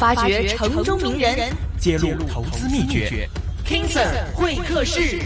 發掘城中名人，揭露投資秘訣。KingSir 會客室。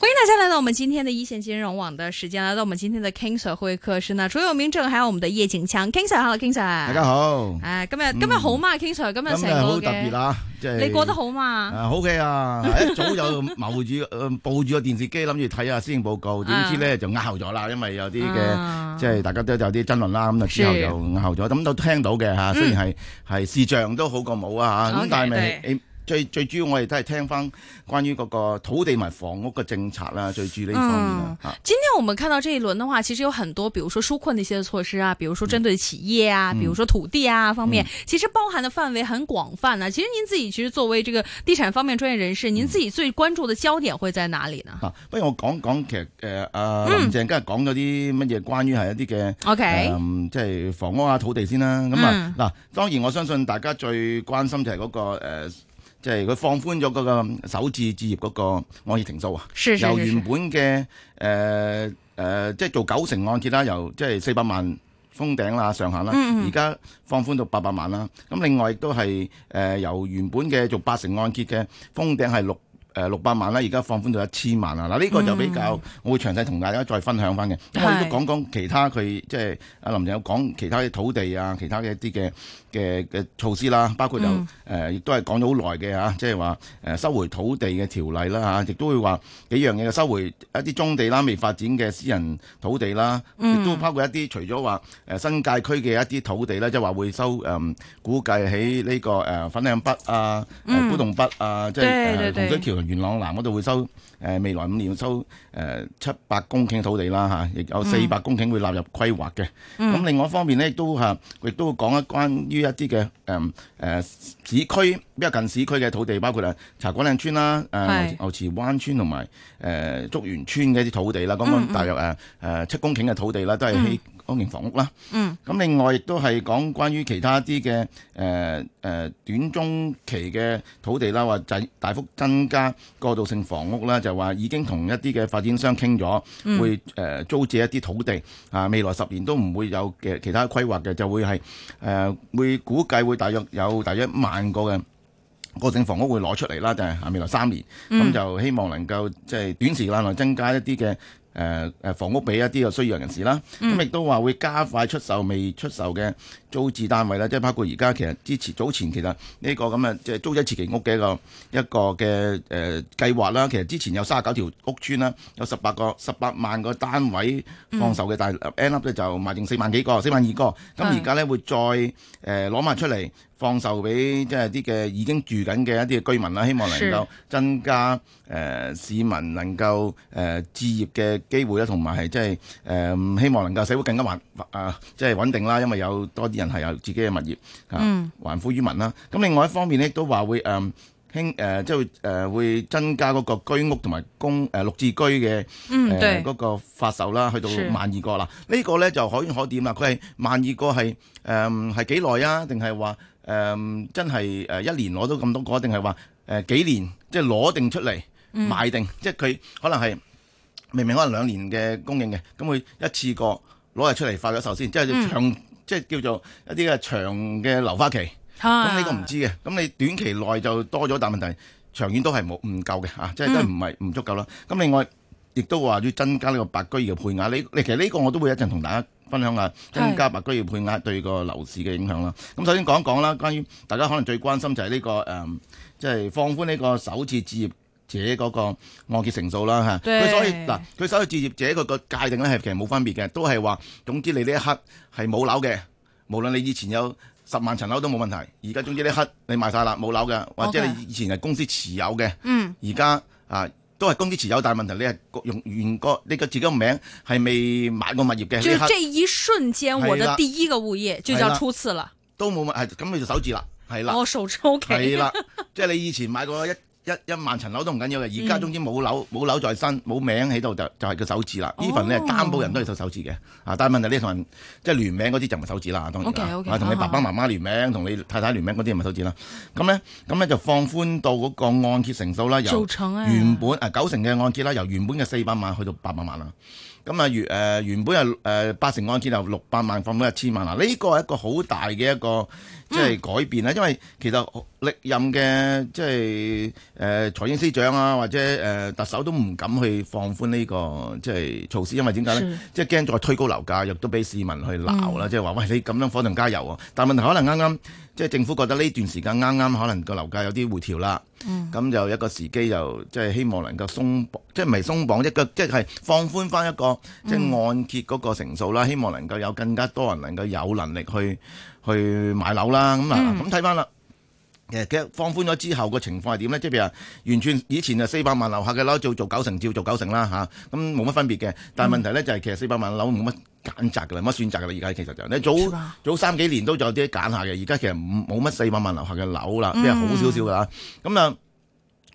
歡迎大家來到我們今天的一線金融網的時間，來到我們今天的 KingSir 會客室，呢除咗明政，還有我們的葉景強。KingSir，Hello，KingSir，大家好。啊、今日今日好嘛、嗯、？KingSir，今日成日好特別啊、就是！你過得好嘛？啊，好嘅啊， 一早又望住，誒、呃，抱住個電視機諗住睇下施政報告，點知呢 就拗咗啦，因為有啲嘅、啊，即係大家都有啲爭論啦，咁啊之後就拗咗，咁都聽到嘅吓、啊，雖然係係視像都好過冇啊咁、okay, 但係咪？最最主要，我哋都係聽翻關於嗰個土地同埋房屋嘅政策啦、啊。最注意呢方面、啊嗯啊、今天我們看到這一輪嘅話，其實有很多，比如說紓困的一些措施啊，比如說針對企業啊、嗯，比如說土地啊方面，嗯、其實包含的範圍很廣泛啊。其實您自己其實作為這個地產方面專業人士、嗯，您自己最關注的焦點會在哪裏呢？啊、不如我講講其實誒、呃，林鄭今日講咗啲乜嘢，關於係一啲嘅，OK，即係房屋啊、土地先啦。咁啊，嗱、嗯嗯啊，當然我相信大家最關心就係嗰、那個誒。呃即係佢放寬咗個首次置業個按揭停數啊，是是是是由原本嘅誒誒即係做九成按揭啦，由即係四百萬封頂啦，上限啦，而、嗯、家、嗯、放寬到八百萬啦。咁另外亦都係誒由原本嘅做八成按揭嘅封頂係六。誒六百萬啦，而家放寬到一千萬啊！嗱，呢個就比較、嗯、我會詳細同大家再分享翻嘅。咁我亦都講講其他佢即係阿林鄭有講其他嘅、啊、土地啊，其他嘅一啲嘅嘅嘅措施啦，包括就誒亦都係講咗好耐嘅啊，即係話誒收回土地嘅條例啦吓亦、啊、都會話幾樣嘢嘅收回一啲棕地啦，未發展嘅私人土地啦，亦、嗯、都包括一啲除咗話誒新界區嘅一啲土地咧，即係話會收誒估計喺呢個誒粉嶺北啊、古洞北啊，即係洪水橋。元朗南嗰度會收，誒未來五年會收誒七百公頃土地啦吓，亦有四百公頃會納入規劃嘅。咁、嗯、另外一方面咧，亦都吓亦、啊、都會講一關於一啲嘅誒誒市區，比較近市區嘅土地，包括啊茶果嶺村啦、呃、牛池灣村同埋誒竹園村嘅一啲土地啦，咁樣大約誒誒七公頃嘅土地啦，都係喺。嗯方面房屋啦，嗯，咁另外亦都係講關於其他啲嘅誒誒短中期嘅土地啦，或者大幅增加過渡性房屋啦，就話已經同一啲嘅發展商傾咗，會誒、呃、租借一啲土地，啊未來十年都唔會有嘅其他規劃嘅，就會係誒、呃、會估計會大約有大約一萬個嘅過渡性房屋會攞出嚟啦，就係、是、啊未來三年，咁、嗯、就希望能夠即係短時間內增加一啲嘅。誒、呃、房屋俾一啲有需要嘅人士啦，咁亦都話會加快出售未出售嘅。租置單位啦，即係包括而家其實之前早前其實呢、這個咁嘅即係租者置其屋嘅一個一個嘅誒、呃、計劃啦。其實之前有三十九條屋邨啦，有十八個十八萬個單位放售嘅、嗯，但 end up 咧就賣剩四萬幾個四萬二個咁，而家咧會再誒攞埋出嚟放售俾即係啲嘅已經住緊嘅一啲居民啦，希望能夠增加誒、呃、市民能夠誒、呃、置業嘅機會啦，同埋係即係誒希望能夠社會更加穩啊，即係穩定啦，因為有多啲。人係有自己嘅物業，還、嗯、富於民啦。咁另外一方面咧，都話會誒興誒，即係誒、呃、會增加嗰個居屋同埋公誒六字居嘅誒嗰個發售啦，去到萬二個啦。呢、呢個咧就可圈可點啦。佢係萬二個係誒係幾耐啊？定係話誒真係誒一年攞到咁多個？定係話誒幾年即係攞定出嚟賣定？嗯、即係佢可能係明明可能兩年嘅供應嘅，咁佢一次過攞嚟出嚟發咗售先，即係搶。嗯即係叫做一啲嘅長嘅樓花期，咁、啊、呢個唔知嘅。咁你短期內就多咗，但問題長遠都係冇唔夠嘅嚇，即係都唔係唔足夠啦。咁、嗯、另外亦都話要增加呢個白居二嘅配額，呢，其實呢個我都會一陣同大家分享下增加白居二嘅配額對個樓市嘅影響啦。咁首先講一講啦，關於大家可能最關心就係呢、這個誒，即、嗯、係、就是、放寬呢個首次置業。者嗰個按揭成數啦嚇，佢所以嗱，佢、啊、所謂置業者佢個界定咧係其實冇分別嘅，都係話總之你呢一刻係冇樓嘅，無論你以前有十萬層樓都冇問題。而家總之呢一刻你賣晒啦冇樓嘅，或者你以前係公司持有嘅，嗯、okay.，而家啊都係公司持有,的、嗯啊公司持有的，但係問題你係用原個你個自己個名係未買過物業嘅。即係、這一瞬間，我嘅第一個物業就叫初次啦。都冇問題，咁你就首置啦，係、哦、啦，我首置啦，即係 你以前買過一。一一萬層樓都唔緊要嘅，而家總之冇樓冇、嗯、樓在身，冇名喺度就就係個手指啦。呢份呢，係擔保人都係套手指嘅，但你就是、指 okay, okay, 啊！但係問題呢同即係聯名嗰啲就唔係手指啦。當然，同你爸爸媽媽聯名，同、uh-huh. 你太太聯名嗰啲唔係手指啦。咁、嗯、呢，咁呢就放寬到嗰個按揭成數啦，由原本做成啊九、呃、成嘅按揭啦，由原本嘅四百萬去到八百萬啦。咁啊原原本係、呃、八成按揭就六百萬，放寬到一千萬啦。呢個係一個好大嘅一個即係、就是、改變啦、嗯，因為其實。歷任嘅即係誒、呃、財政司長啊，或者誒、呃、特首都唔敢去放寬呢、這個即係措施，因為點解咧？即係驚再推高樓價，亦都俾市民去鬧啦、嗯。即係話喂，你咁樣火上加油啊！但問題可能啱啱即係政府覺得呢段時間啱啱可能個樓價有啲回調啦，咁、嗯、就一個時機又即係希望能夠鬆綁即係唔係鬆綁一個，即係放寬翻一個即係按揭嗰個成數啦、嗯。希望能夠有更加多人能夠有能力去去買樓啦。咁啊，咁睇翻啦。其實放寬咗之後嘅情況係點呢？即係譬如話，完全以前啊，四百萬樓下樓下嘅樓做做九成照做九成啦，咁冇乜分別嘅。但係問題咧就係、是、其實四百萬樓冇乜揀擇㗎啦，冇乜選擇㗎啦。而家其實就你、是、早早三幾年都有啲揀下嘅，而家其實冇乜四百萬樓下樓下嘅樓啦，即係好少少㗎啦。咁啊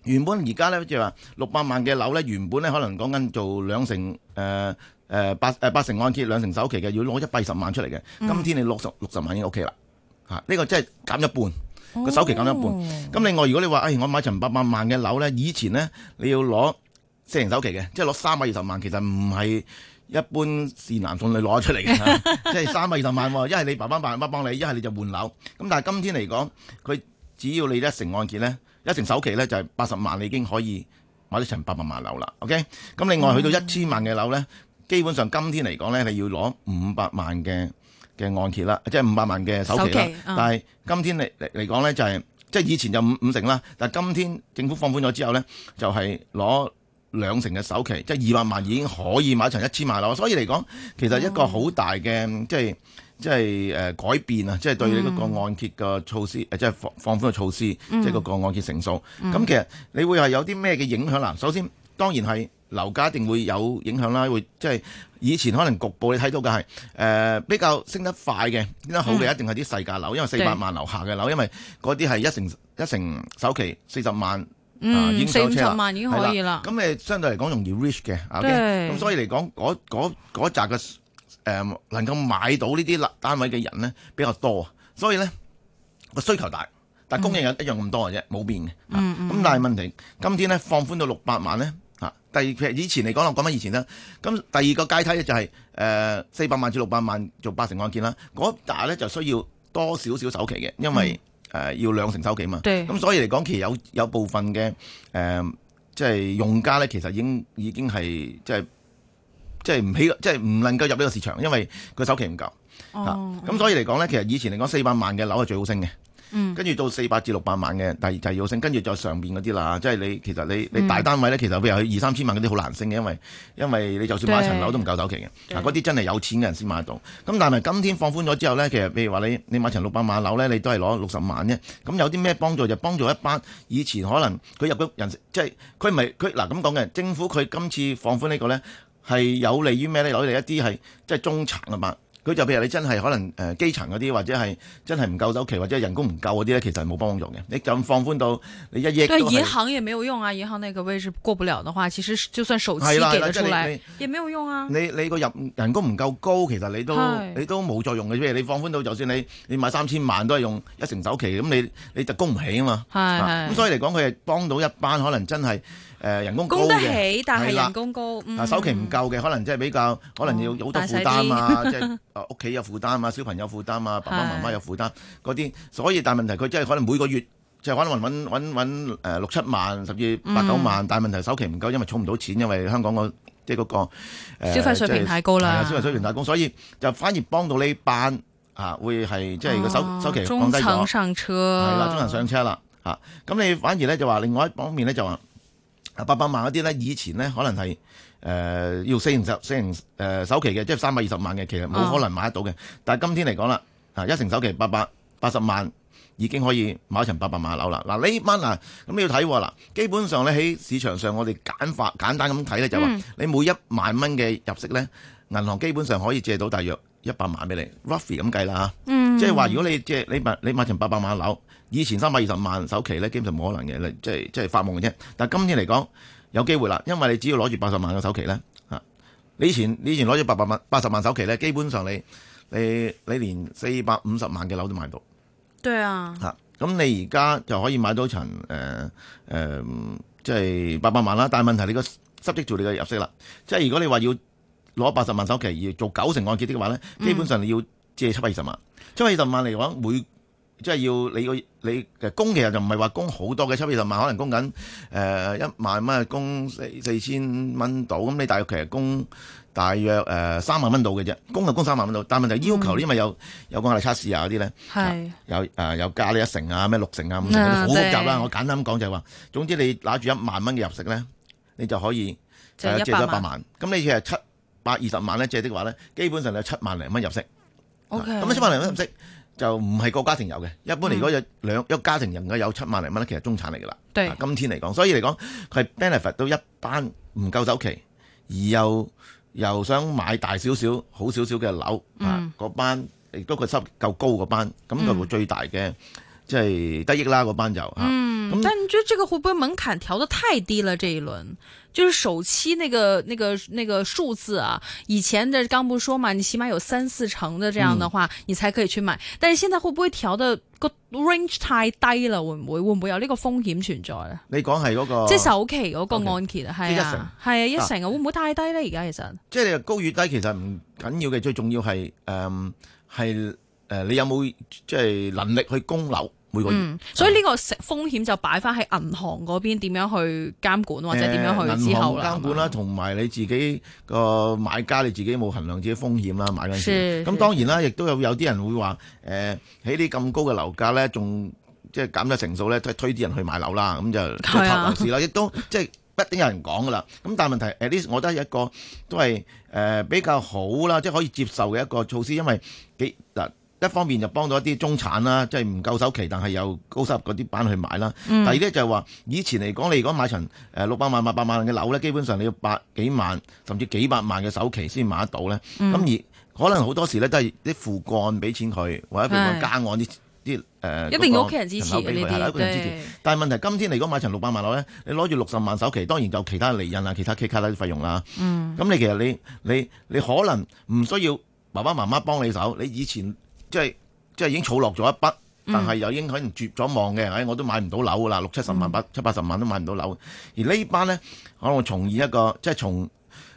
原本而家咧即係話六百萬嘅樓咧，原本呢可能講緊做兩成誒、呃、八八成按揭兩成首期嘅，要攞一百二十萬出嚟嘅、嗯。今天你六十六十萬已經 OK 啦呢、啊呢個即係減一半。個首期減咗一半，咁另外如果你話，誒、哎，我買成八百萬嘅樓咧，以前咧你要攞四成首期嘅，即係攞三百二十萬，其實唔係一般善男 善男信女攞出嚟嘅，即係三百二十萬，一係你爸爸媽媽幫你，一係你就換樓。咁但係今天嚟講，佢只要你一成按揭咧，一成首期咧就係八十萬，你已經可以買到成八百萬樓啦。OK，咁另外去到一、嗯、千萬嘅樓咧，基本上今天嚟講咧你要攞五百萬嘅。嘅按揭啦，即係五百萬嘅首期啦、嗯。但係今天嚟嚟嚟講咧、就是，就係即係以前就五五成啦。但係今天政府放寬咗之後咧，就係、是、攞兩成嘅首期，即係二百萬已經可以買成一,一千萬咯。所以嚟講，其實一個好大嘅、哦、即係即係、呃、改變啊！即、就、係、是、對你個按揭嘅措施，嗯、即係放放寬嘅措施，即、嗯、係、就是、個按揭成數。咁、嗯、其實你會係有啲咩嘅影響啦，首先，當然係。樓價一定會有影響啦，會即係以前可能局部你睇到嘅係、呃、比較升得快嘅，升得好嘅一定係啲細價樓，因為四百、嗯、萬樓下嘅樓，因為嗰啲係一成一成首期四十萬，嗯，四十萬已經可以啦。咁誒相對嚟講容易 reach 嘅，OK，咁所以嚟講嗰嗰嗰扎嘅能夠買到呢啲單位嘅人咧比較多，所以咧個需求大，但係供應又一樣咁多嘅啫，冇、嗯、變嘅。咁、嗯嗯啊、但係問題，今天咧放寬到六百萬咧。第二以前嚟講，我講翻以前啦。咁第二個階梯咧就係誒四百萬至六百萬做八成案件啦。嗰下咧就需要多少少首期嘅，因為誒、嗯呃、要兩成首期嘛。咁、嗯、所以嚟講，其實有有部分嘅誒即係用家咧，其實已經已經係即係即係唔起，即係唔能夠入呢個市場，因為個首期唔夠。哦。咁、嗯、所以嚟講咧，其實以前嚟講，四百萬嘅樓係最好升嘅。跟、嗯、住到四百至六百萬嘅，第二就是、要升。跟住再上面嗰啲啦，即係你其實你你大單位咧，其實譬如去二三千萬嗰啲好難升嘅，因為因為你就算買層樓都唔夠首期嘅。嗱，嗰、啊、啲真係有錢嘅人先買得到。咁但係今天放寬咗之後咧，其實譬如話你你買層六百萬樓咧，你都係攞六十萬啫。咁有啲咩幫助就是、幫助一班以前可能佢入咗人即係佢唔係佢嗱咁講嘅政府，佢今次放寬個呢個咧係有利於咩咧？攞嚟一啲係即係中產啊嘛。佢就譬如你真係可能誒、呃、基層嗰啲或者係真係唔夠首期或者人工唔夠嗰啲咧，其實係冇幫助嘅。你就咁放寬到你一億，但係銀行也沒有用啊！銀行那個位置過不了的話，其實就算首期，出嚟也沒有用，啊、你你你個人人工唔夠高，其實你都你都冇作用嘅，如你放寬到就算你你買三千萬都係用一成首期，咁你你就供唔起啊嘛。係咁、啊、所以嚟講佢係幫到一班可能真係。誒、呃、人工高嘅，但係人工高，嗱、嗯、首期唔夠嘅，可能即係比較，可能要好多負擔啊，哦、 即係屋企有負擔啊，小朋友負擔啊，爸爸媽媽有負擔嗰啲，所以但係問題佢即係可能每個月即係可能揾揾揾揾六七萬，甚至八九萬，但、嗯、係問題首期唔夠，因為儲唔到錢，因為香港個即係嗰個消費水平太高啦，消費水平太高，所以就反而幫到呢班啊，會係即係個首、哦、首，首期放低咗，係啦，中層上車啦，嚇咁、啊、你反而咧就話另外一方面咧就話。啊，八百萬嗰啲咧，以前咧可能係誒、呃、要四成十、四成、呃、首期嘅，即係三百二十萬嘅，其實冇可能買得到嘅、哦。但係今天嚟講啦，啊一成首期八百八十萬已經可以買成八百萬樓啦。嗱呢班啊，咁你要睇喎啦。基本上咧喺市場上，我哋簡化簡單咁睇咧就話、是嗯，你每一萬蚊嘅入息咧，銀行基本上可以借到大約一百萬俾你 roughly 咁計啦嗯，即係話如果你借你買你買層八百萬樓。以前三百二十萬首期咧，基本上冇可能嘅，即係即係發夢嘅啫。但係今天嚟講有機會啦，因為你只要攞住八十萬嘅首期咧，啊，你以前你以前攞住八百萬、八十萬首期咧，基本上你你你連四百五十萬嘅樓都買到。對啊。嚇、啊！咁你而家就可以買到層誒誒、呃呃就是，即係八百萬啦。但係問題你個濕積住你嘅入息啦。即係如果你話要攞八十萬首期，要做九成按揭的話咧，基本上你要借七百二十萬。七百二十萬嚟講每即係要你個你供其實就唔係話供好多嘅七二十萬，可能供緊誒一萬蚊，供四四千蚊到。咁你大約其實供大約誒、呃、三萬蚊到嘅啫，供就供三萬蚊到。但係問題要求呢，因、嗯、為有有壓力測試啊嗰啲咧，有誒有加你一成啊咩六成啊五成咁好複雜啦。我簡單咁講就係、是、話，總之你拿住一萬蚊嘅入息咧，你就可以借咗、就是、一百萬。咁你其實七百二十萬咧借的話咧，基本上你有七萬零蚊入息。O、okay. K。咁七萬零蚊入息。就唔係個家庭有嘅，一般嚟講有兩一個家庭人嘅有七萬零蚊咧，其實中產嚟嘅啦。對、啊、今天嚟講，所以嚟講佢係 benefit 到一班唔夠首期，而又又想買大少少、好少少嘅樓啊，嗰、嗯、班亦都佢收夠高嗰班，咁佢會最大嘅即係得益啦。嗰班就、啊嗯嗯、但你覺得這個會不會門檻調得太低了？這一輪，就是首期那個、那個、那個數字啊，以前的剛不說嘛，你起碼有三四成的這樣的話、嗯，你才可以去買。但是現在會不會調得個 range 太低了？會唔會會唔會有呢個風險存在？你講係嗰個即係首期嗰個按揭啊，係啊，係一成啊，會唔會太低咧？而家其實即係你高與低其實唔緊要嘅，最重要係誒係誒你有冇即係能力去供樓？每個月嗯，所以呢個食風險就擺返喺銀行嗰邊，點樣去監管或者點樣去之後啦。監管啦，同埋你自己個買家，你自己冇衡量自己的風險啦，買緊。是。咁當然啦，亦都有有啲人會話，誒喺呢咁高嘅樓價咧，仲即係減咗成數咧，都係推啲人去買樓啦。咁就炒樓啦，亦、啊、都即係、就是、不定有人講㗎啦。咁但係問題，誒呢，我覺得一個都係誒、呃、比較好啦，即、就、係、是、可以接受嘅一個措施，因為幾嗱。一方面就幫到一啲中產啦，即係唔夠首期，但係有高收入嗰啲班去買啦。第二咧就係、是、話，以前嚟講，你如果買層誒六百萬、八百萬嘅樓咧，基本上你要百幾萬甚至幾百萬嘅首期先買得到咧。咁、嗯、而可能好多時咧都係啲父幹俾錢佢，或者譬如加案啲啲誒一定屋企人支持你係啦，屋企人支持。但係問題，今天嚟講買層六百萬樓咧，你攞住六十萬首期，當然就其他釐印啦、其他契卡啦費用啦。咁你其實你你你可能唔需要爸爸媽媽幫你手，你以前。即係即係已經儲落咗一筆，但係又已經可能絕咗望嘅，唉、嗯哎，我都買唔到樓噶啦，六七十萬、七八十萬都買唔到樓。嗯、而這一班呢班咧，可能重而一個，即係重，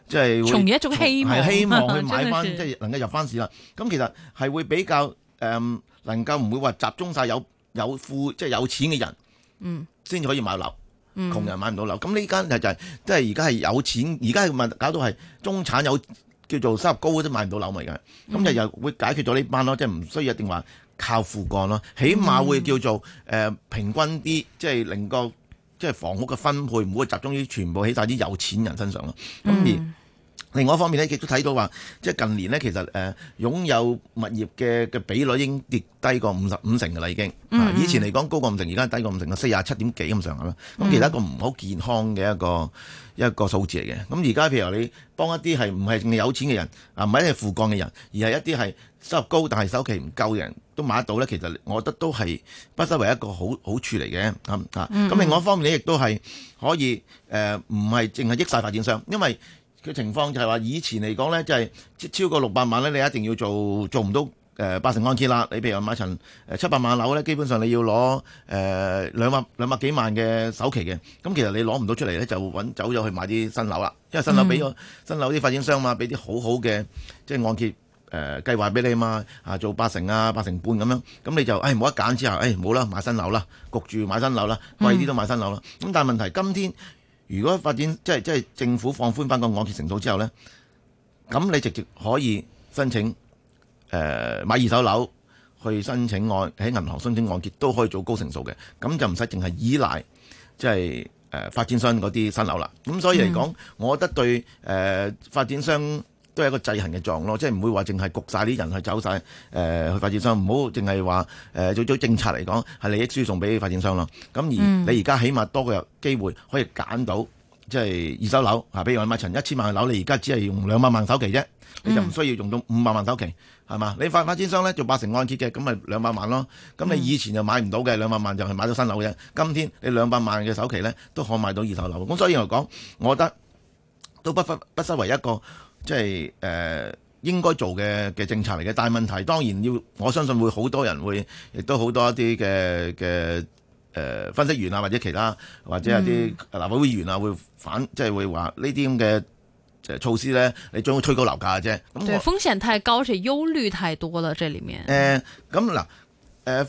即係重而一種希望，係希望去買翻，即係能夠入翻市啦。咁其實係會比較誒、呃，能夠唔會話集中晒有有富，即係有錢嘅人，嗯，先至可以買樓，嗯，窮人買唔到樓。咁呢間嘢就係、是，即係而家係有錢，而家嘅問搞到係中產有，叫做收入高都買唔到樓咪嘅，咁就又會解決咗呢班咯，即係唔需要一定話靠父幹咯，起碼會叫做誒、呃、平均啲，即、就、係、是、令個即係、就是、房屋嘅分配唔會集中於全部起晒啲有錢人身上咯，咁、嗯、而。另外一方面咧，亦都睇到話，即係近年咧，其實誒擁有物業嘅嘅比率已經跌低過五十五成噶啦，已經。以前嚟講高過五成，而家低過五成，四十七點幾咁上下啦。咁其實一個唔好健康嘅一個一個數字嚟嘅。咁而家譬如話你幫一啲係唔係淨係有錢嘅人，啊唔係一啲係父幹嘅人，而係一啲係收入高但係首期唔夠嘅人都買得到咧，其實我覺得都係不失為一個好好處嚟嘅。咁、嗯、另外一方面你亦都係可以誒，唔係淨係益晒發展商，因為嘅情況就係話，以前嚟講呢，即係超超過六百萬呢，你一定要做做唔到誒、呃、八成按揭啦。你譬如話買層誒、呃、七百萬樓呢，基本上你要攞誒兩百兩百幾萬嘅首期嘅。咁、嗯、其實你攞唔到出嚟呢，就揾走咗去買啲新樓啦。因為新樓俾個新樓啲發展商嘛，俾啲好好嘅即係按揭誒計劃俾你嘛。啊，做八成啊，八成半咁樣。咁、嗯、你就誒冇得揀之後，誒冇啦，買新樓啦，焗住買新樓啦，貴啲都買新樓啦。咁、嗯、但係問題，今天。如果發展即係即係政府放寬返個按揭成數之後咧，咁你直接可以申請誒、呃、買二手樓去申請按喺銀行申請按揭都可以做高成數嘅，咁就唔使淨係依賴即係誒、呃、發展商嗰啲新樓啦。咁所以嚟講、嗯，我覺得對誒、呃、發展商。都係一個制衡嘅狀況咯，即係唔會話淨係焗晒啲人去走晒。誒、呃，去發展商唔好淨係話誒，做做、呃、政策嚟講係利益輸送俾發展商咯。咁而你而家起碼多個機會可以揀到即係二手樓嚇，譬如我買層一千萬嘅樓，你而家只係用兩百萬首期啫，你就唔需要用到五百萬首期係嘛、嗯？你發發展商咧做八成按揭嘅咁咪兩百萬,萬咯。咁你以前就買唔到嘅、嗯、兩百萬就係買到新樓嘅。今天你兩百萬嘅首期咧都可買到二手樓。咁所以嚟講，我覺得都不不失為一個。即係誒應該做嘅嘅政策嚟嘅，但係問題當然要，我相信會好多人會，亦都好多一啲嘅嘅誒分析員啊，或者其他或者係啲立法會議員啊，會反即係、就是、會話呢啲咁嘅措施咧，你將會推高樓價啫。對，風險太高，而且憂慮太多喇，這裏面。誒、呃，咁嗱，誒、呃。呃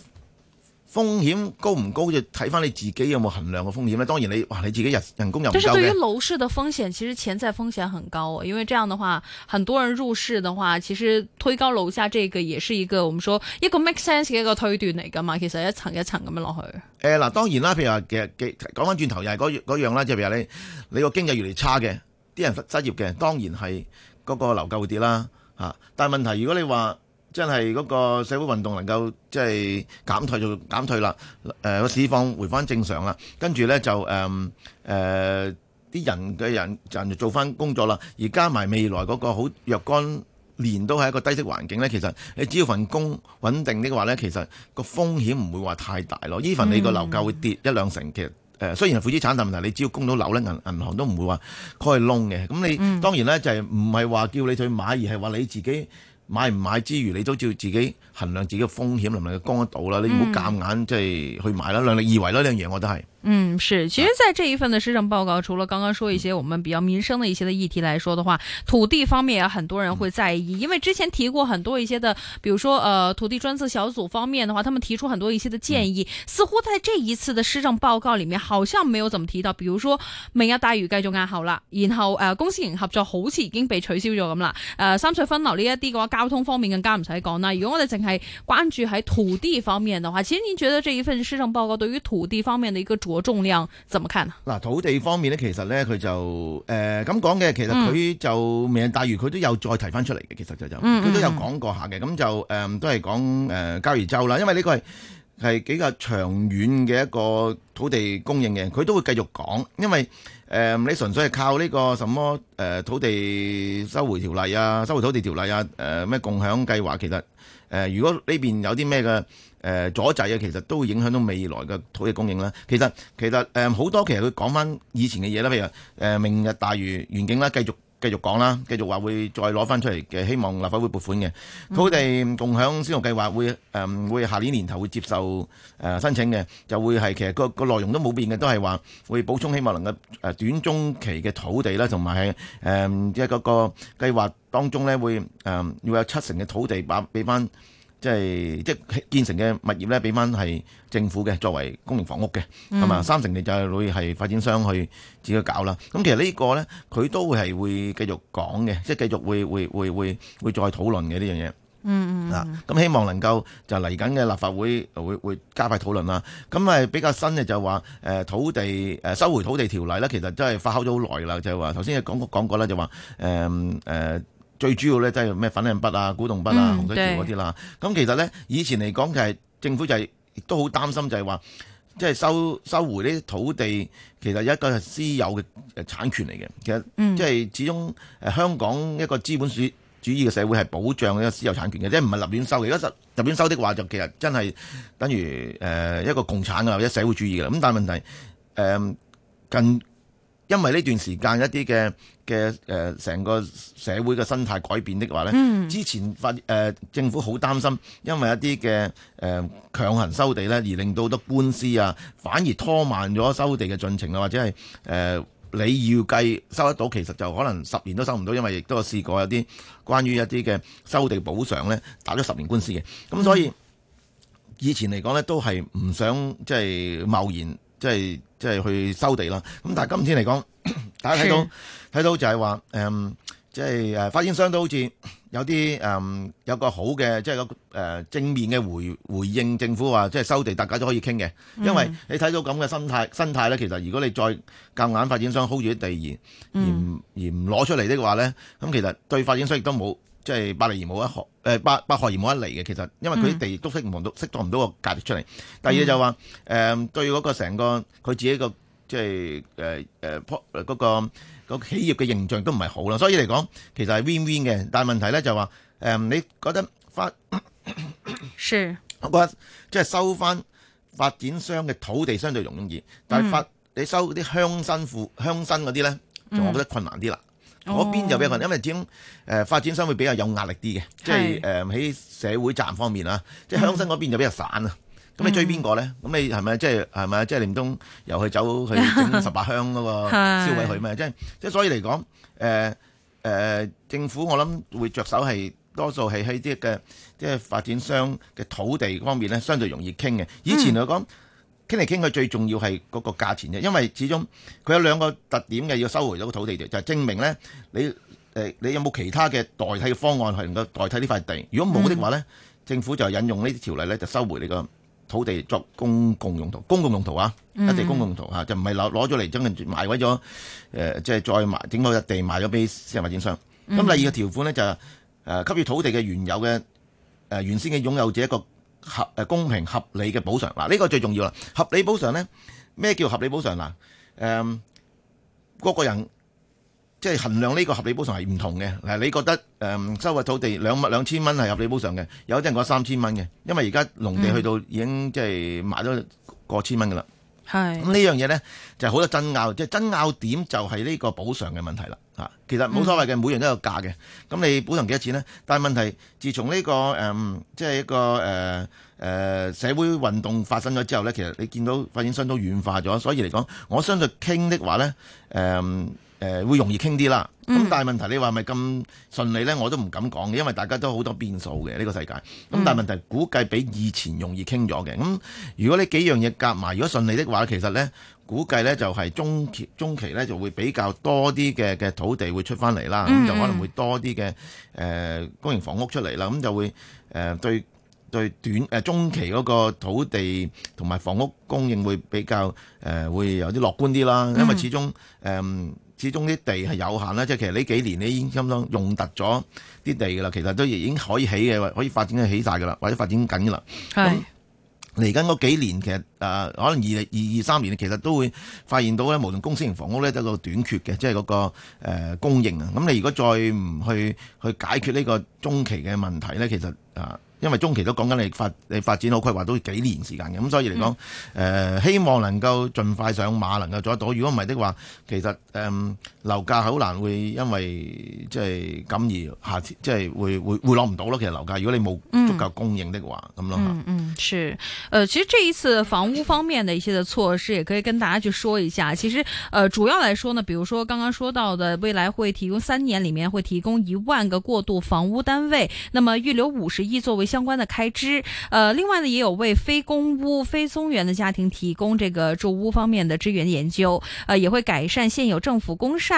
風險高唔高，就睇翻你自己有冇衡量嘅風險咧。當然你，哇你自己人人工又唔夠嘅。但係對於樓市的風險，其實潛在風險很高啊。因為這樣的話，很多人入市的話，其實推高樓價，這個也是一個我們說一個 make sense 嘅一個推斷嚟㗎嘛。其實一層一層咁樣落去。誒、欸、嗱，當然啦，譬如話其實講翻轉頭又係嗰樣啦，即係譬如你你個經濟越嚟越差嘅，啲人失業嘅，當然係嗰個樓價會跌啦。吓、啊，但係問題如果你話。真係嗰個社會運動能夠即係減退就減退啦，誒、呃、個市況回翻正常啦，跟住咧就誒啲、嗯呃、人嘅人人就做翻工作啦，而加埋未來嗰個好若干年都係一個低息環境咧，其實你只要份工穩定的話咧，其實個風險唔會話太大咯。even 你個樓價會跌一兩成，嗯、其實誒雖然係負資產，但問題但你只要供到樓咧，銀銀行都唔會話開窿嘅。咁你、嗯、當然咧就係唔係話叫你去買，而係話你自己。買唔買之餘，你都照自己衡量自己嘅風險，能唔能夠供得到啦？你唔好夾硬，即係去買啦，嗯、量力而為啦呢樣嘢我都係。嗯，是。其實，在這一份的施政報告，除了剛剛說一些我們比較民生的一些的議題來說的話，土地方面也很多人會在意，因為之前提過很多一些的，比如說，呃，土地專責小組方面的話，他們提出很多一些的建議，嗯、似乎在這一次的施政報告裏面，好像沒有怎麼提到。比如說，明日大嶼繼續押後啦，然後，呃，公私營合作好似已經被取消咗咁啦，呃，三隧分流呢一啲嘅話，交通方面更加唔使講啦。如果我哋淨係關注喺土地方面的話，其實您覺得這一份施政報告對於土地方面的一個國重量怎麼看，嗱，土地方面咧，呃，其實咧佢就誒，咁講嘅，其實佢就明日大嶼佢都有再提翻出嚟嘅，其實就就佢都有講過一下嘅，咁就誒、呃、都係講誒交椅洲啦，因為呢個係係比較長遠嘅一個土地供應嘅，佢都會繼續講，因為誒、呃、你純粹係靠呢個什麼誒、呃、土地收回條例啊，收回土地條例啊，誒、呃、咩共享計劃，其實誒、呃、如果呢邊有啲咩嘅。誒、呃、阻滯嘅其實都會影響到未來嘅土地供應啦。其實其實誒好、呃、多其實佢講翻以前嘅嘢啦，譬如誒、呃、明日大嶼願景啦，繼續繼續講啦，繼續話會再攞翻出嚟嘅，希望立法會撥款嘅土地共享先用計劃會誒、呃、會下年年頭會接受、呃、申請嘅，就會係其實個個內容都冇變嘅，都係話會補充，希望能夠短中期嘅土地啦，同埋喺誒即係嗰個計劃當中咧會誒、呃、要有七成嘅土地把俾翻。即係即建成嘅物業咧，俾翻係政府嘅作為公營房屋嘅，係嘛？三成地就係會係發展商去自己搞啦。咁其實呢個咧，佢都會係會繼續講嘅，即係繼續會會會會會再討論嘅呢樣嘢。嗯嗯，嗯。咁、嗯、希望能夠就嚟緊嘅立法會會會加快討論啦。咁係比較新嘅就話，誒土地誒收回土地條例咧，其實真係發酵咗好耐啦。就係話頭先講講過啦，就話誒誒。呃最主要咧，即係咩粉嶺北啊、古洞北啊、洪水橋嗰啲啦。咁、嗯、其實咧以前嚟講就係政府就係亦都好擔心就係話，即、就、係、是、收收回啲土地，其實係一個私有嘅誒產權嚟嘅。其實即係、就是、始終香港一個資本主主義嘅社會係保障一個私有產權嘅、嗯，即係唔係立亂收。如果實立亂收的話，就其實真係等於誒一個共產嘅或者社會主義嘅。咁但係問題、嗯、近因為呢段時間一啲嘅。嘅誒成個社會嘅生態改變的話咧，之前發誒、呃、政府好擔心，因為一啲嘅誒強行收地咧，而令到好多官司啊，反而拖慢咗收地嘅進程啊，或者係誒、呃、你要計收得到，其實就可能十年都收唔到，因為亦都有試過有啲關於一啲嘅收地補償咧，打咗十年官司嘅。咁所以以前嚟講咧，都係唔想即係貿然即係即係去收地啦。咁但係今天嚟講。 大家睇到睇到就係話誒，即係誒，發展商都好似有啲誒、嗯，有個好嘅，即係個誒正面嘅回回應政府話，即係收地，大家都可以傾嘅。因為你睇到咁嘅心態心態咧，其實如果你再夾硬發展商 hold 住啲地而而唔而唔攞出嚟的話咧，咁其實對發展商亦都冇即係百利而冇一害，誒、呃、百百害而冇一利嘅。其實因為佢啲地都釋唔到釋、嗯、出唔到個價值出嚟。第二就話誒、嗯嗯，對嗰個成個佢自己個。即係誒誒嗰個個企業嘅形象都唔係好啦，所以嚟講其實係 win win 嘅，但係問題咧就話、是、誒、呃，你覺得發咳咳是，我覺得即係收翻發展商嘅土地相對容易，但係發、嗯、你收啲鄉紳、富鄉紳嗰啲咧，就我覺得困難啲啦。嗰、嗯、邊就比較困難，因為始終誒、呃、發展商會比較有壓力啲嘅，即係誒喺社會責任方面啊，即係鄉紳嗰邊就比較散啊。嗯嗯咁你追邊個咧？咁、嗯、你係咪即係係咪即係唔通又去走去整十八鄉嗰個燒毀佢咩？ 即係即係所以嚟講，誒、呃呃、政府我諗會着手係多數係喺啲嘅即係發展商嘅土地方面咧，相對容易傾嘅。以前嚟講傾嚟傾，佢、嗯、最重要係嗰個價錢嘅，因為始終佢有兩個特點嘅，要收回到個土地就係、是、證明咧你、呃、你有冇其他嘅代替方案係能夠代替呢塊地？如果冇嘅話咧，嗯、政府就引用呢啲條例咧，就收回你個。土地作公共用途，公共用途啊，一地公共用途嚇、mm-hmm. 啊，就唔係攞攞咗嚟將佢賣鬼咗，即、呃、係、就是、再賣整個一地賣咗俾私人發展商。咁、mm-hmm. 第二個條款咧就誒給予土地嘅原有嘅、呃、原先嘅擁有者一個合、呃、公平合理嘅補償。嗱、啊、呢、這個最重要啦，合理補償咧，咩叫合理補償嗱，誒各個人。即、就、係、是、衡量呢個合理補償係唔同嘅，嗱你覺得誒、嗯、收獲土地兩萬兩千蚊係合理補償嘅，有啲人講三千蚊嘅，因為而家農地去到已經即係賣咗過千蚊噶啦。咁、嗯、呢樣嘢咧，就好、是、多爭拗，即、就、係、是、爭拗點就係呢個補償嘅問題啦。其實冇所謂嘅，每樣都有價嘅。咁你補償幾多錢咧？但係問題，自從呢、這個誒即係一個誒、呃呃、社會運動發生咗之後咧，其實你見到發展商都軟化咗，所以嚟講，我相信傾的話咧，誒、嗯。誒、呃、會容易傾啲啦，咁、嗯、但係問題你話係咪咁順利呢？我都唔敢講，因為大家都好多變數嘅呢個世界。咁但係問題估計比以前容易傾咗嘅。咁、嗯、如果你幾樣嘢夾埋，如果順利的話，其實呢，估計呢就係中期中期呢就會比較多啲嘅嘅土地會出翻嚟啦，咁、嗯嗯、就可能會多啲嘅誒公營房屋出嚟啦，咁就會誒、呃、對對，對短、呃、中期嗰個土地同埋房屋供應會比較誒、呃、會有啲樂觀啲啦，因為始終誒。呃始終啲地係有限啦，即係其實呢幾年咧已經相當用突咗啲地㗎啦，其實都已經可以起嘅，可以發展緊起晒㗎啦，或者發展緊㗎啦。咁嚟緊嗰幾年，其實誒可能二二二三年，其實都會發現到咧，無論公私型房屋咧都係個短缺嘅，即係嗰、個、呃、供應啊。咁你如果你再唔去去解決呢個中期嘅問題咧，其實啊～、呃因為中期都講緊你發你發展好規劃都要幾年時間嘅，咁所以嚟講，嗯呃，希望能夠盡快上馬，能夠做得到。如果唔係的話，其實，嗯樓價好難會因為即係咁而下跌，即係會會會攞唔到咯。其實樓價，如果你冇足夠供應的話，咁、嗯、咯。嗯嗯，是，呃，其實這一次房屋方面的一些的措施，也可以跟大家去說一下。其實，呃，主要來說呢，比如說剛剛說到的，未來會提供三年裡面會提供一萬個過渡房屋單位，那麼預留五十億作為相關的開支。呃，另外呢，也有為非公屋、非綜援的家庭提供這個住屋方面的支援研究。呃，也會改善現有政府公善。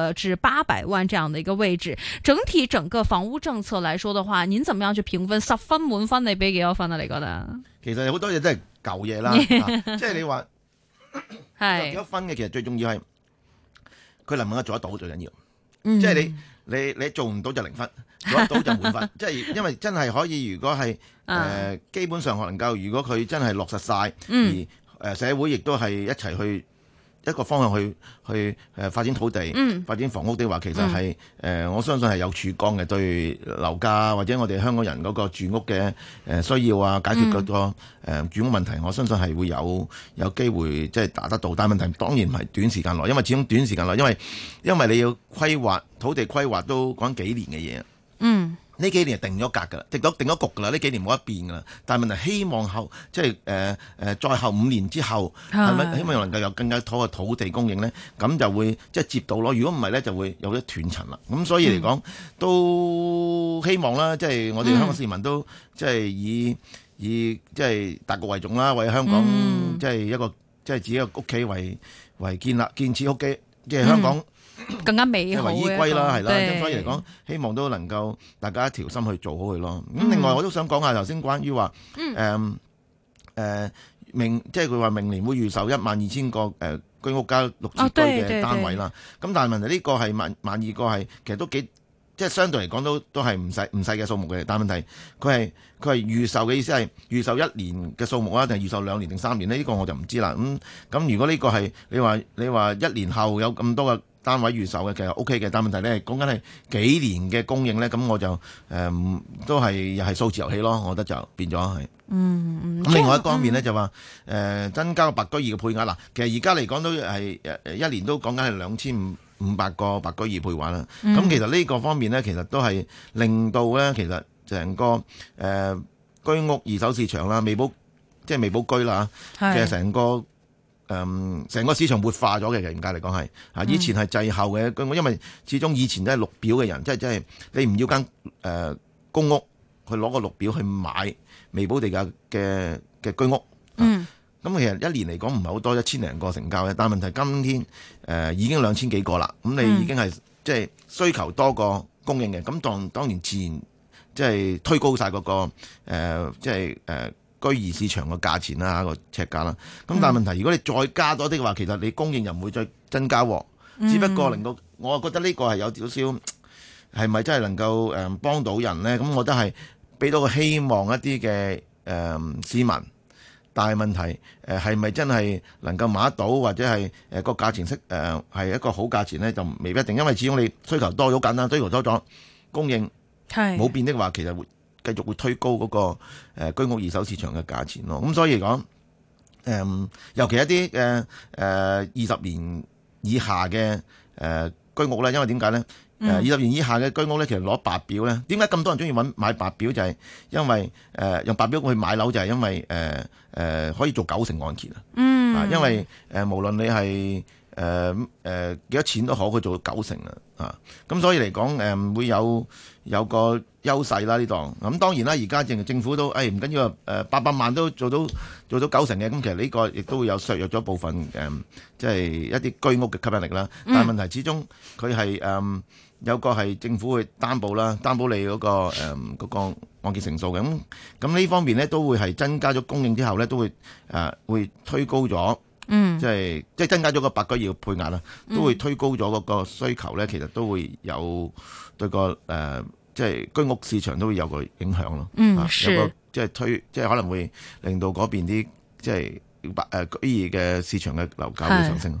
呃，至八百萬這樣的一個位置，整體整個房屋政策來說的話，您怎麼樣去評分？十分滿分，你俾幾多分呀？你覺得？其實好多嘢都係舊嘢啦， 啊、即係你話係幾多分嘅，其實最重要係佢能唔能夠做得到最緊要，嗯、即係你你你做唔到就零分，做得到就滿分， 即係因為真係可以，如果係誒、呃、基本上能夠，如果佢真係落實晒，嗯、而誒、呃、社會亦都係一齊去。一個方向去去誒發展土地、嗯、發展房屋的話，其實係誒、嗯呃、我相信係有曙光嘅，對樓價或者我哋香港人嗰個住屋嘅誒需要啊，解決嗰、嗰個、呃、住屋問題，我相信係會有有機會即係達得到。但係問題當然唔係短時間內，因為始終短時間內，因為因為你要規劃土地規劃都講幾年嘅嘢。嗯。呢幾年定咗格㗎啦，定到定咗局㗎啦，呢幾年冇得變㗎啦。但問題希望後即係誒、呃、再後五年之後，係咪希望能夠有更加多嘅土地供應咧？咁就會即係接到咯。如果唔係咧，就會有啲斷層啦。咁所以嚟講、嗯，都希望啦，即係我哋香港市民都即係以以即係大局為重啦，為香港、嗯、即係一個即係自己嘅屋企為為建立建設屋基，即係香港。嗯更加美好嘅，即係維依歸啦，係啦。咁所以嚟講，希望都能夠大家一條心去做好佢咯。咁另外，我都想講下頭先關於話誒誒明，即係佢話明年會預售一萬二千個誒居屋加綠置居嘅單位啦。咁但係問題呢個係萬萬二個係，其實都幾即係相對嚟講都都係唔細唔細嘅數目嘅。但係問題佢係佢係預售嘅意思係預售一年嘅數目呀，定係預售兩年定三年呢？呢個我就唔知啦。咁咁如果呢個係你話你話一年後有咁多嘅。單位預售嘅其實 OK 嘅，但問題咧講緊係幾年嘅供應咧？咁我就誒、呃、都係又係數字遊戲咯，我覺得就變咗係嗯嗯。咁、嗯、另外一方面咧、嗯、就話誒、呃、增加白居二嘅配額啦，其實而家嚟講都係一年都講緊係兩千五五百個白居二配額啦。咁、嗯、其實呢個方面咧，其實都係令到咧，其實成個誒、呃、居屋二手市場啦，未補即係未補居啦其實成個。誒、嗯，成個市場活化咗嘅，嚴格嚟講係，啊，以前係滯後嘅、嗯，因為始終以前都係綠表嘅人，即係即係你唔要間誒、呃、公屋去攞個綠表去買未補地價嘅嘅居屋。嗯，咁、啊、其實一年嚟講唔係好多，一千零個成交嘅，但問題今天誒、呃、已經兩千幾個啦，咁、嗯嗯、你已經係即係需求多過供應嘅，咁當當然自然即係、就是、推高晒嗰、那個即係誒。呃就是呃居二市場個價錢啦，個呎價啦。咁但係問題，如果你再加多啲嘅話，其實你供應又唔會再增加喎。只不過令到我覺得呢個係有少少，係咪真係能夠誒、嗯、幫到人呢？咁我覺得係俾到個希望一啲嘅誒市民。但係問題誒係咪真係能夠買得到，或者係誒個價錢適誒係一個好價錢呢？就未必一定。因為始終你需求多咗，簡單，需求多咗，供應冇變的話，其實會。繼續會推高嗰、那個、呃、居屋二手市場嘅價錢咯，咁所以嚟講誒、呃，尤其一啲誒誒二十年以下嘅誒、呃、居屋咧，因為點解咧？誒、呃、二十年以下嘅居屋咧，其實攞白表咧，點解咁多人鍾意揾買白表就係、是、因為誒、呃、用白表去買樓就係、是、因為誒誒、呃呃、可以做九成按揭啊！嗯，啊、因為誒、呃、無論你係。誒誒幾多錢都可以做到九成啦，啊！咁所以嚟講誒會有有個優勢啦呢檔。咁、啊、當然啦，而家政政府都誒唔緊要啊，哎、呃、八百萬都做到做到九成嘅。咁、嗯、其實呢個亦都會有削弱咗部分誒、嗯，即係一啲居屋嘅吸引力啦。但係問題始終佢係誒有個係政府會擔保啦，擔保你嗰、個誒嗰個按揭成數嘅。咁咁呢方面呢，都會係增加咗供應之後呢，都會誒、呃、會推高咗。嗯，即係即係增加咗個白居易嘅配額啦，都會推高咗個需求咧、嗯。其實都會有對個誒，即、呃、係、就是、居屋市場都會有個影響咯。嗯，是。啊、有個即係、就是、推，即、就、係、是、可能會令到嗰邊啲即係白誒居易嘅市場嘅樓價會上升。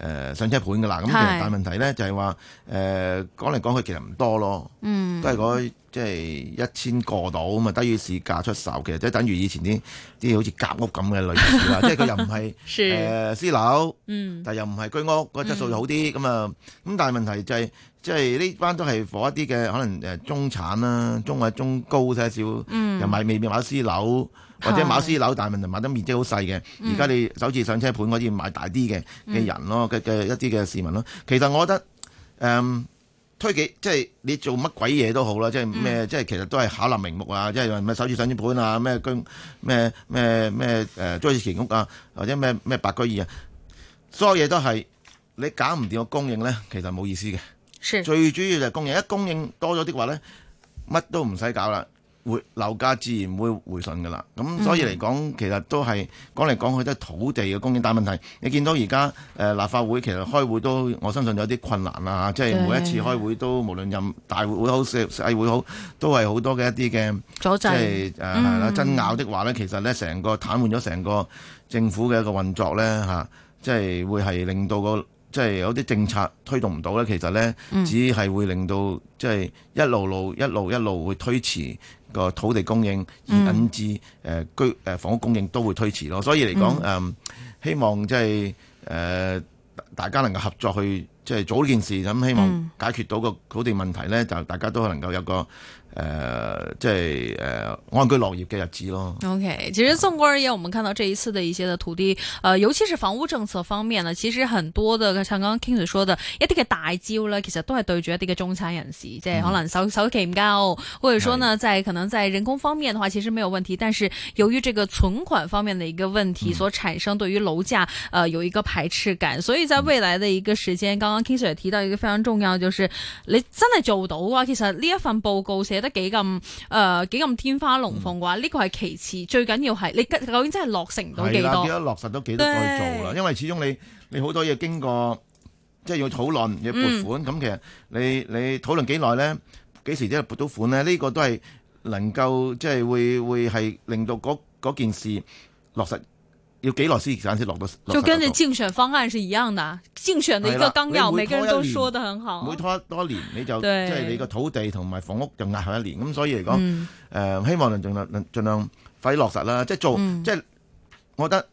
誒、呃、上車盤㗎啦，咁其實大問題咧就係話，誒、呃、講嚟講去其實唔多咯，嗯、都係嗰。即係一千個到咁啊，低於市價出售嘅，即係等於以前啲啲好似夾屋咁嘅類型啦。 即係佢又唔係誒私樓，但係又唔係居屋，個、嗯、質素又好啲。咁啊，咁但係問題就係、是，即係呢班都係火一啲嘅，可能誒中產啦、啊，中啊中高少少、嗯，又買未必買私樓，或者買私樓，但係問題買得面積好細嘅。而、嗯、家你首次上車盤可以買大啲嘅嘅人咯，嘅、嗯、嘅一啲嘅市民咯。其實我覺得誒。嗯推幾即係你做乜鬼嘢都好啦，即係咩、嗯、即係其實都係巧立名目啊！即係咩首次上車盤啊，咩居咩咩咩誒租置其屋啊，或者咩咩白居二啊，所有嘢都係你搞唔掂個供應咧，其實冇意思嘅。係，最主要就係供應，一供應多咗啲話咧，乜都唔使搞啦。會樓價自然會回順㗎啦，咁所以嚟講，嗯，其實都係講嚟講去都係土地嘅供應，大問題，你見到而家誒立法會其實開會都，我相信有啲困難啦，嗯、即係每一次開會都，無論任大會好細會好，都係好多嘅一啲嘅阻滯，即係誒係啦爭拗的話咧，嗯，其實咧成個癱瘓咗成個政府嘅一個運作咧，啊，即係會係令到個。即係有啲政策推動唔到咧，其實咧只係會令到即係、就是、一路路一路一路會推遲個土地供應，而引致誒居誒、呃、房屋供應都會推遲咯。所以嚟講誒，嗯、希望即係誒大家能夠合作去即係、就是、做呢件事咁，希望解決到個土地問題咧，嗯、就大家都能夠有個。誒、呃，即係、呃、安居樂業嘅日子咯。OK，其實，縱觀而言，我們看到這一次的一些的土地，呃，尤其是房屋政策方面呢，其實很多的，像剛剛 King Sir 說的一啲嘅大招呢，其實都係對住一啲嘅中產人士，即係可能首首期唔夠，或者說呢，在可能在人工方面的話，其實沒有問題。但是由於這個存款方面的一個問題所產生對於樓價、嗯、呃有一個排斥感。所以在未來的一個時間，嗯、剛剛 King Sir 也提到一個非常重要，就是你真係做到嘅話，其實呢一份報告寫得幾咁誒，幾、呃、咁天花龍鳳嘅話，呢個係其次，最緊要係你究竟真係落成唔到幾多？係啦，幾多落實到幾多去做啦？因為始終你你好多嘢經過，即係要討論，要撥款。咁、嗯、其實你你討論幾耐咧，幾時先係撥到款咧？呢個都係能夠即係會會係令到嗰件事落實。要幾耐先？暫時落到就跟住競選方案是一樣的，競選嘅一個綱要，每個人都說得很好，啊。每拖多年，你就即係你個土地同埋房屋就壓下一年。咁所以嚟講，誒、嗯呃，希望盡量盡量快落實啦。即係做，嗯、即係我覺得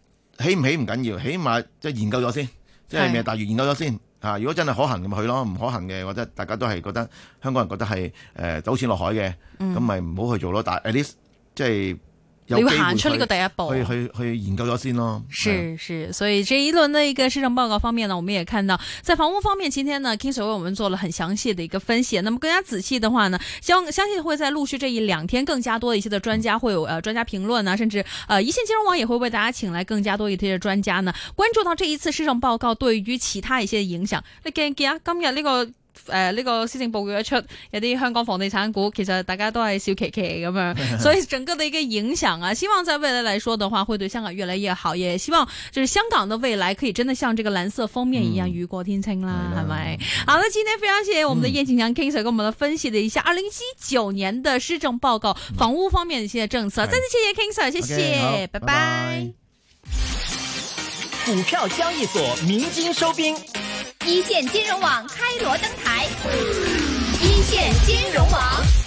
起唔起唔緊要，起碼即係研究咗先，是即係未大月研究咗先。吓、啊，如果真係可行咁咪去咯，唔可行嘅，我覺得大家都係覺得香港人覺得係誒賭錢落海嘅，咁咪唔好去做咯。但 at least 即係。你要行出呢個第一步，去去去研究咗先咯。是是，所以這一輪呢一個施政報告方面呢，我們也看到，在房屋方面，今天呢 KingSir 為我們做了很詳細的一個分析。那麼更加仔細的話呢，相相信會在陸續這一兩天更加多一些的專家會有呃專家評論啊，甚至呃一線金融網也會為大家請來更加多一些的專家呢，關注到這一次施政報告對於其他一些影響。那跟跟啊，今日呢、這個。.呃呢、這個施政報告一出，有啲香港房地產股，其實大家都係笑騎騎咁樣，所以整個嘅影響啊，希望在未來來說的話，會對香港越來越好，也希望就是香港的未來可以真的像這個藍色封面一樣，雨、嗯、過天青啦，係咪？好啦，今天非常謝謝我們的葉慶祥 King Sir，跟我們嚟分析了一下二零一九年的施政報告、嗯、房屋方面嘅一些政策，再次謝謝 King Sir，謝謝，okay, 拜拜 bye bye。股票交易所鳴金收兵。一線金融網開鑼登台，嗯，一線金融網。